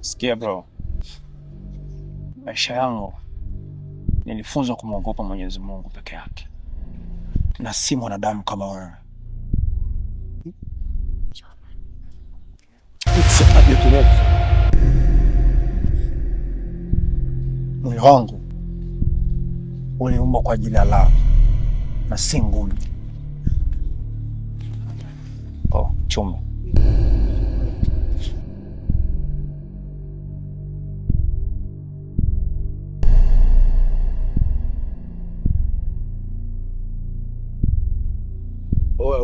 Sikia bro, maisha yangu nilifunzwa kumwogopa Mwenyezi Mungu peke yake na si mwanadamu kama wewe. Mwili wangu uliumbwa kwa ajili ya lao na si ngumi. Oh, chuma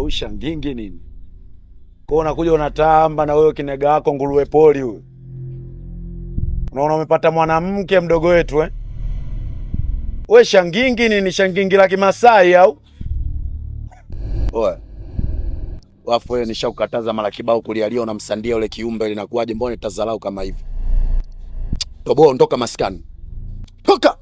unausha mvingi nini? Kwa unakuja unatamba na wewe kinega yako nguruwe poli huyu Unaona umepata mwanamke mdogo wetu eh? We shangingi nini? Shangingi la Kimasai au? Oe. Wafu wewe nishaukataza mara kibao kulialia unamsandia ule kiumbe linakuwaje mbona nitazalau kama hivi? Toboa ondoka maskani. Toka.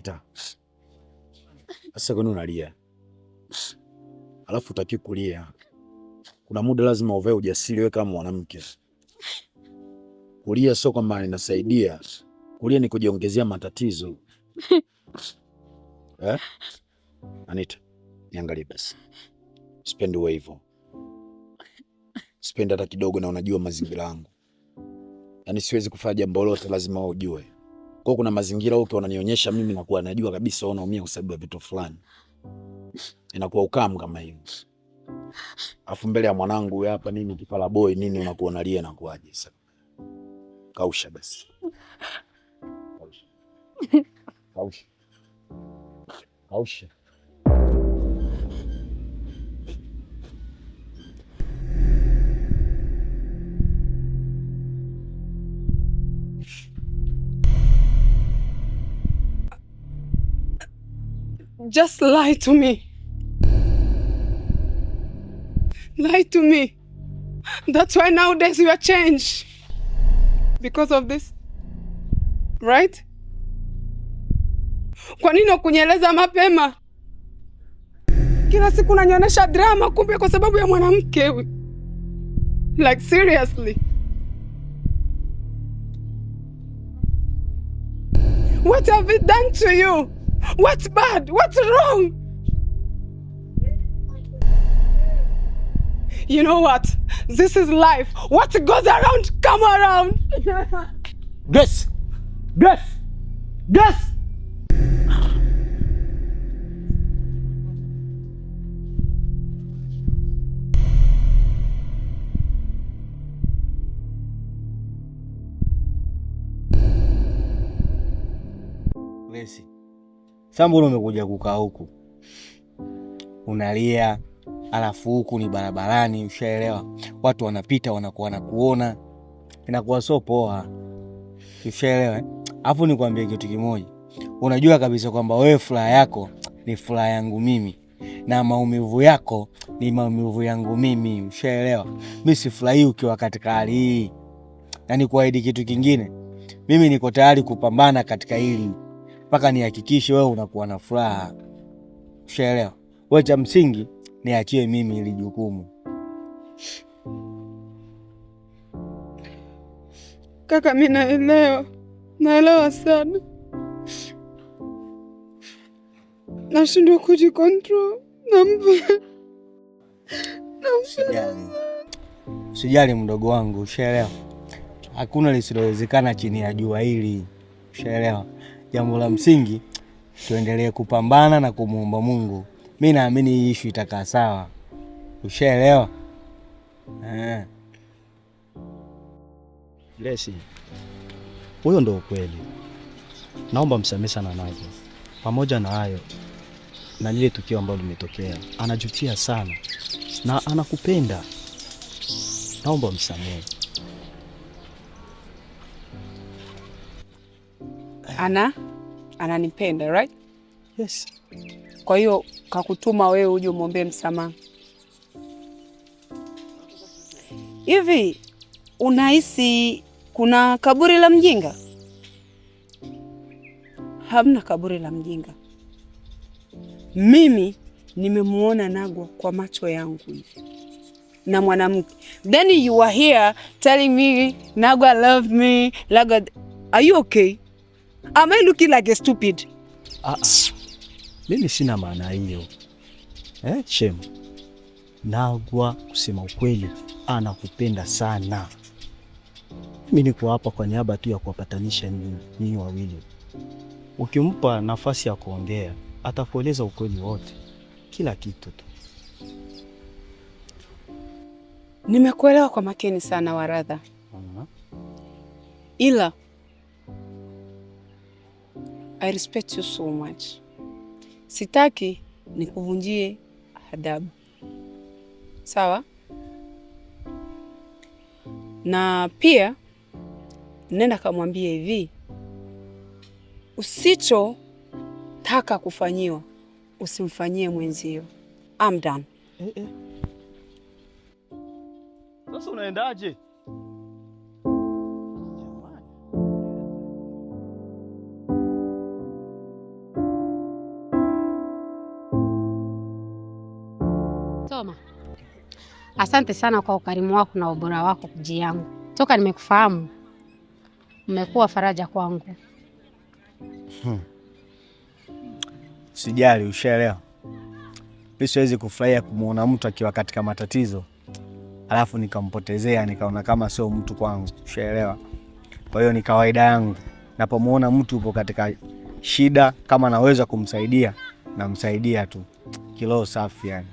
umenileta sasa, kwani unalia? Alafu utaki kulia, kuna muda lazima uvae ujasiri wewe kama mwanamke. Kulia sio kwamba nasaidia kulia ni kujiongezea matatizo eh? Anita, niangalie basi, sipendi uwe hivyo, sipendi hata kidogo, na unajua mazingira yangu, yaani siwezi kufanya jambo lolote, lazima ujue kwa kuna mazingira uki unanionyesha mimi nakuwa najua kabisa unaumia kwa sababu ya vitu fulani. Inakuwa ukamu kama hiyo. Afu mbele ya mwanangu hapa nini kipala boy nini unakuwa nalia na Kausha basi. Kausha. Kausha. Kausha. Just lie to me. Lie to me. That's why nowadays you are changed. Because of this. Right? Kwa nini kunyeleza mapema? Kila siku unanyonyesha drama kumbe kwa sababu ya mwanamke huyu. Like seriously. What have we done to you? What's bad? What's wrong? You know what? This is life. What goes around, come around. Grace! Grace! Grace! Sambuli, umekuja kukaa huku unalia, alafu huku ni barabarani, ushaelewa, watu wanapita wanakuwa kuona inakuwa so poa, ushaelewa. Eh? Alafu nikwambie kitu kimoja, unajua kabisa kwamba wewe furaha yako ni furaha yangu mimi na maumivu yako ni maumivu yangu mimi, ushaelewa. Mi sifurahii ukiwa katika hali hii, na nikuahidi kitu kingine, mimi niko tayari kupambana katika hili mpaka nihakikishe wewe unakuwa na furaha. Ushaelewa? Wewe cha msingi niachie mimi ili jukumu. Kaka, mi naelewa, naelewa sana, nashindwa kujikontrol. Usijali, sijali mdogo wangu, ushaelewa? Hakuna lisilowezekana chini ya jua hili, ushaelewa? jambo la msingi tuendelee kupambana na kumuomba Mungu. Mi naamini hii ishu itakaa sawa, ushaelewa? Lesi, eh. huyo ndo ukweli. Naomba msamehe sana Nazo. Pamoja na hayo na lile tukio ambalo limetokea, anajutia sana na anakupenda. Naomba msamehe. ana ananipenda right? Yes. Kwa hiyo kakutuma wewe uje umwombee msamaha. Hivi unahisi kuna kaburi la mjinga? Hamna kaburi la mjinga. Mimi nimemuona Nagwa kwa macho yangu hivi na mwanamke. Then you are here telling me Nagwa love me. Nagwa, are you okay? Am I looking like a stupid? Ah, ah. Mimi sina maana hiyo eh, Shem. Nagwa kusema ukweli anakupenda sana. Mimi niko hapa kwa niaba tu ya kuwapatanisha nyinyi wawili. Ukimpa nafasi ya kuongea atakueleza ukweli wote, kila kitu tu. Nimekuelewa kwa makini sana Waradha. uh -huh. Ila I respect you so much. Sitaki nikuvunjie adabu, sawa? Na pia nenda kamwambia hivi, usichotaka kufanyiwa usimfanyie mwenzio. I'm done. Eh, eh. Sasa unaendaje? Asante sana kwa ukarimu wako na ubora wako kuji yangu. Toka nimekufahamu umekuwa faraja kwangu. Hmm. Sijali, ushaelewa. Mi siwezi kufurahia kumwona mtu akiwa katika matatizo alafu nikampotezea nikaona kama sio mtu kwangu, ushaelewa. Kwa hiyo ni kawaida yangu, napomwona mtu upo katika shida, kama naweza kumsaidia namsaidia tu, kiloo safi yani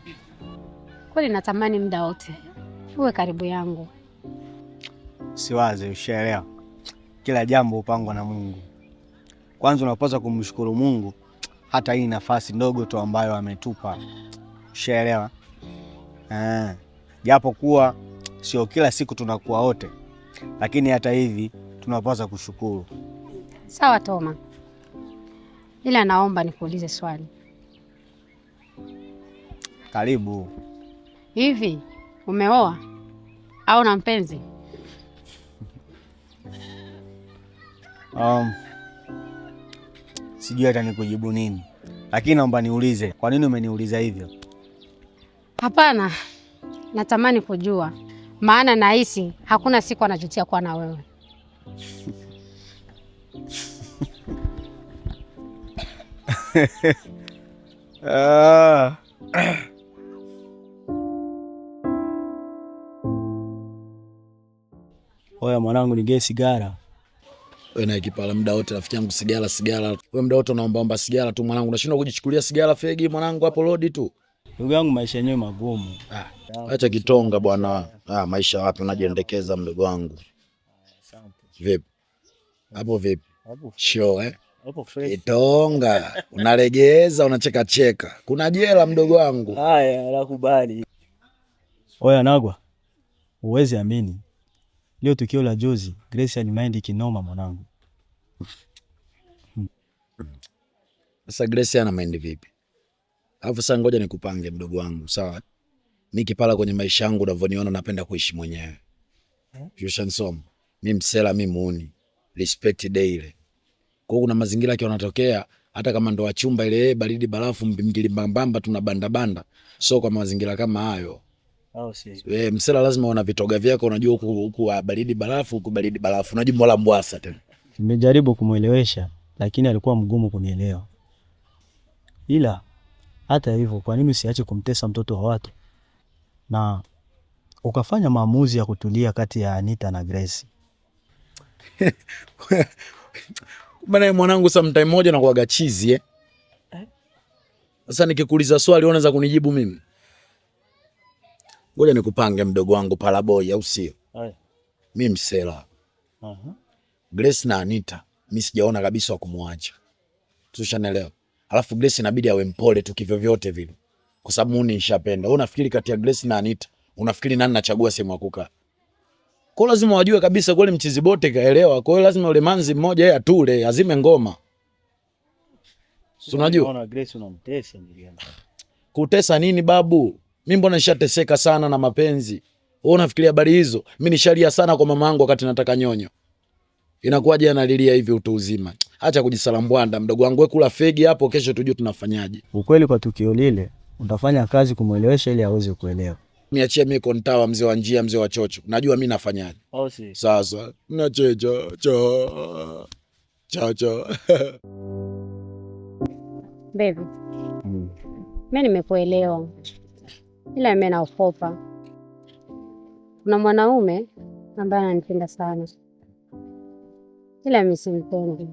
kweli natamani muda wote uwe karibu yangu. Siwaze, ushaelewa. Kila jambo upangwa na Mungu. Kwanza unapaswa kumshukuru Mungu hata hii nafasi ndogo tu ambayo ametupa, ushaelewa. Ah, eh, japo kuwa sio kila siku tunakuwa wote, lakini hata hivi tunapaswa kushukuru. Sawa Toma, ila naomba nikuulize swali. Karibu. Hivi umeoa au na mpenzi? Um, sijui hata nikujibu nini, lakini naomba niulize, kwa nini umeniuliza hivyo? Hapana, natamani kujua, maana nahisi hakuna siku anajutia kuwa na wewe. ah. Oya mwanangu, gesi sigara. Wewe na kipala muda wote rafiki yangu, sigara sigara. Wewe muda wote omba sigara tu mwanangu, unashindwa kujichukulia sigara fegi mwanangu, hapo lodi tu. Ndugu yangu, maisha yenyewe magumu. Ah, acha kitonga bwana. Ah, maisha wapi, unajiendekeza mdogo wangu. Vipi hapo, vipi show eh? Kitonga unalegeza, unacheka cheka, kuna jela mdogo wangu. Haya, nakubali. Oya nagwa, uwezi amini Leo tukio la juzi Grace alimind kinoma mwanangu. Sasa Grace ana mind vipi? Alafu sasa ngoja nikupange mdogo wangu, sawa? Mimi kipala kwenye maisha yangu unavyoniona napenda kuishi mwenyewe. Yushansom, mimi msela mimi muuni. Respect daily. Kwa hiyo kuna mazingira yake yanatokea hata kama ndo wa chumba ile baridi barafu mbimbili mbambamba banda banda. So kwa mazingira kama hayo Oh, eh, msela lazima una vitoga vyako, unajua huku baridi barafu, huku baridi barafu, unajua mbola mbwasa tena. Nimejaribu kumuelewesha lakini alikuwa mgumu kunielewa. Ila hata hivyo, kwa nini usiache kumtesa mtoto wa watu na ukafanya maamuzi ya kutulia kati ya Anita na Grace? Bana mwanangu, sometime moja nakuaga chizi eh? eh. Sasa nikikuuliza swali unaanza kunijibu mimi Ngoja nikupange mdogo wangu Palaboi, au sio? Mi msela. uh -huh. Grace na Anita mi sijaona kabisa wa kumwacha, tushanelewa. Alafu Grace inabidi awe mpole tu kivyo vyote vile, kwa sababu muni nishapenda. Wewe unafikiri kati ya Grace na Anita, unafikiri nani nachagua sehemu ya kukaa? Kwa lazima wajue kabisa kweli mchizi bote kaelewa. Kwa hiyo lazima ule manzi mmoja yeye atule, azime ngoma. Unajua? Unaona Grace unamtesa ndugu yangu. Kutesa nini babu? mi mbona nishateseka sana na mapenzi, wewe unafikiria habari hizo? Mi nishalia sana kwa mama yangu wakati nataka nyonyo. Inakuwaje analilia hivi utu uzima? Acha kujisalambwanda mdogo wangu, we kula fegi hapo, kesho tujue tunafanyaje. Ukweli kwa tukio lile utafanya kazi kumwelewesha ili aweze kuelewa. Niachie mi kontawa, mzee wa njia, mzee wa chocho, najua mi nafanyaje. Oh, Sasa nachecho cho chacho Baby. Mm. Mimi nimekuelewa ila mimi naokopa. Kuna mwanaume ambaye ananipenda sana, ila mimi simpendi,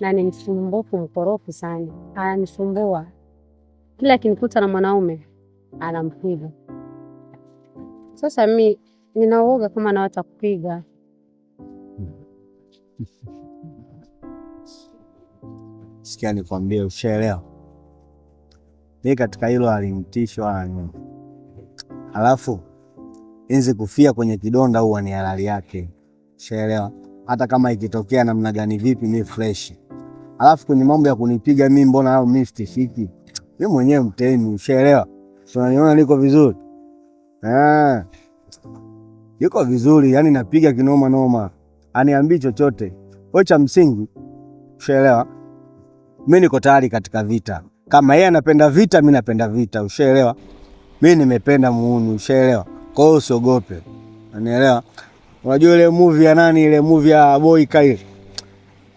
na ni msumbufu, mkorofi sana, ananisumbua. Kila akinikuta na mwanaume anampiga. Sasa mimi ninaoga kama nawata kupiga Sikia nikwambie, ushaelewa? mi katika hilo alimtishwa. Halafu inzi kufia kwenye kidonda huwa ni halali yake, shaelewa. Hata kama ikitokea namna gani vipi, mi fresh. Alafu kwenye mambo ya kunipiga mi, mbona au mi stifiki mi mwenyewe mtemi, shaelewa. Unaniona niko vizuri ah, eh. yuko vizuri yani, napiga kinoma noma, aniambii chochote. Kwa cha msingi, shaelewa, mi niko tayari katika vita. Kama yeye anapenda vita, mimi napenda vita, ushaelewa? Mimi nimependa muuni, ushaelewa? Kwa hiyo usiogope, unaelewa? Unajua ile movie ya nani, ile movie ya boy kaili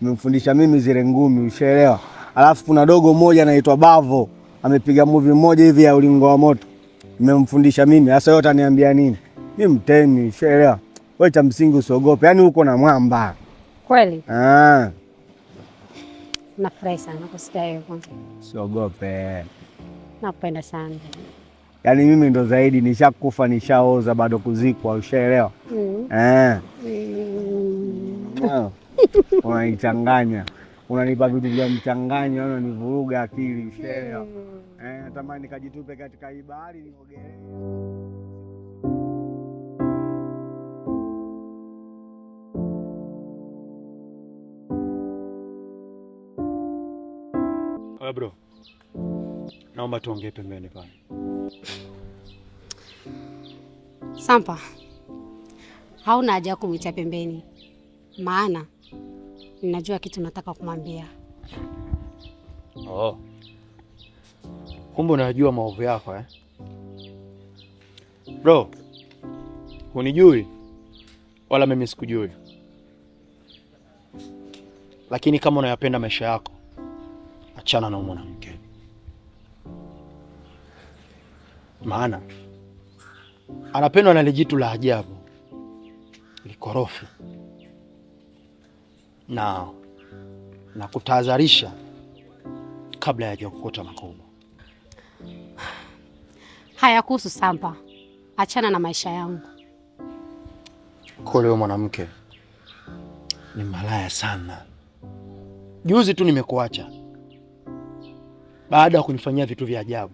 nimemfundisha mimi zile ngumi, ushaelewa? Alafu kuna dogo moja anaitwa Bavo amepiga movie moja hivi ya ulingo wa moto, nimemfundisha mimi hasa. Yote ataniambia nini? Mimi mtemi, ushaelewa? Wewe cha msingi usiogope, yaani uko na mwamba kweli ah. Nafurahi sana kusikia hivyo. Siogope, napenda sana. Yaani mimi ndo zaidi, nishakufa nishaoza, bado kuzikwa, ushaelewa? Mm. Eh. Mm. unaichanganya Unanichanganya, unanipa vitu vya mchanganya, yaani unanivuruga akili, ushaelewa? tamani mm. eh, natamani nikajitupe katika bahari niogelee. Oya bro, naomba tuongee pembeni pale. Sampa, hauna haja ya pembeni, maana ninajua kitu nataka kumwambia. Oh, kumbe unajua maovu yako eh? Bro, hunijui wala mimi sikujui, lakini kama unayapenda maisha yako achana na mwanamke, maana anapendwa na lijitu la ajabu likorofi, na na kutahadharisha kabla ya hajakukota makubwa haya. Kuhusu Sampa, achana na maisha yangu. Koleo mwanamke ni malaya sana. Juzi tu nimekuacha baada ya kunifanyia vitu vya ajabu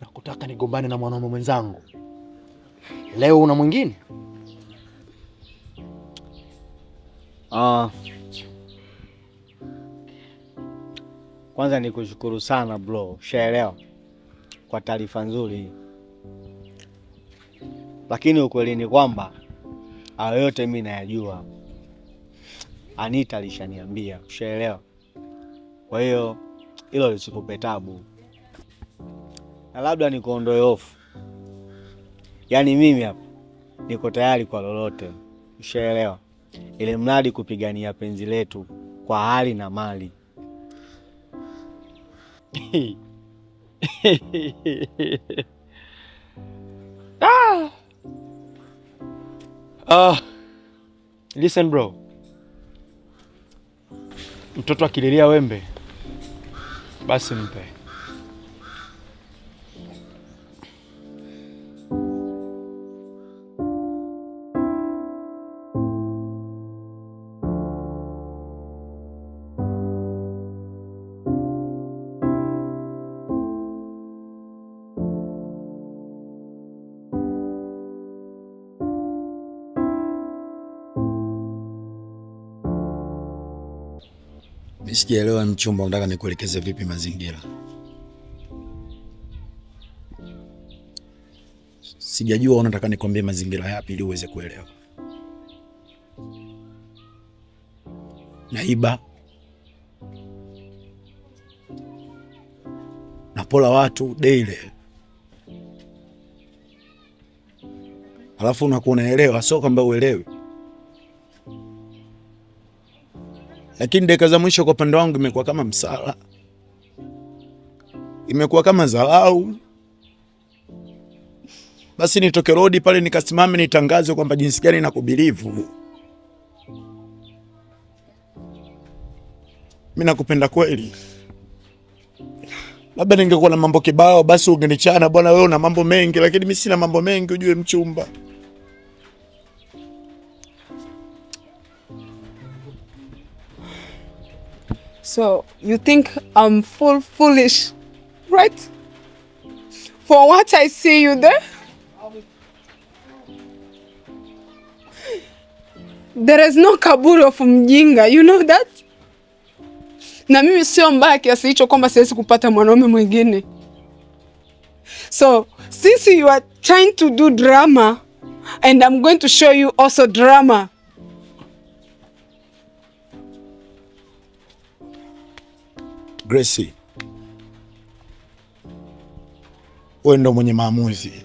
na kutaka nigombane na mwanaume mwenzangu. Leo una mwingine? Ah. Kwanza nikushukuru sana bro, shaelewa kwa taarifa nzuri lakini ukweli ni kwamba hayo yote mimi nayajua. Anita alishaniambia, ushaelewa. Kwa hiyo hilo lisikupe tabu, na labda nikuondoe hofu. Yaani mimi hapa niko tayari kwa lolote, ushaelewa, ili mradi kupigania penzi letu kwa hali na mali. Ah. Ah! listen bro, mtoto akililia wembe 맞습니다. Sijaelewa mchumba, unataka nikuelekeze vipi mazingira? Sijajua unataka nikwambie mazingira yapi ili uweze kuelewa. Naiba, napola watu daily, halafu unakuwa unaelewa? Sio kwamba uelewi lakini dakika za mwisho kwa upande wangu imekuwa kama msala, imekuwa kama dharau. Basi nitoke rodi pale nikasimame nitangaze kwamba jinsi gani nakubilivu mi nakupenda kweli. Labda ningekuwa na mambo kibao, basi ungenichana bwana, wewe una mambo mengi, lakini mi sina mambo mengi, ujue mchumba. So you think I'm full foolish, right? For what I see you there? There is no kaburi of mjinga, you know that? Na mimi sio mbaya kiasi hicho kwamba siwezi kupata mwanaume mwingine. So, since you are trying to do drama and I'm going to show you also drama. Grace, wewe ndo mwenye maamuzi.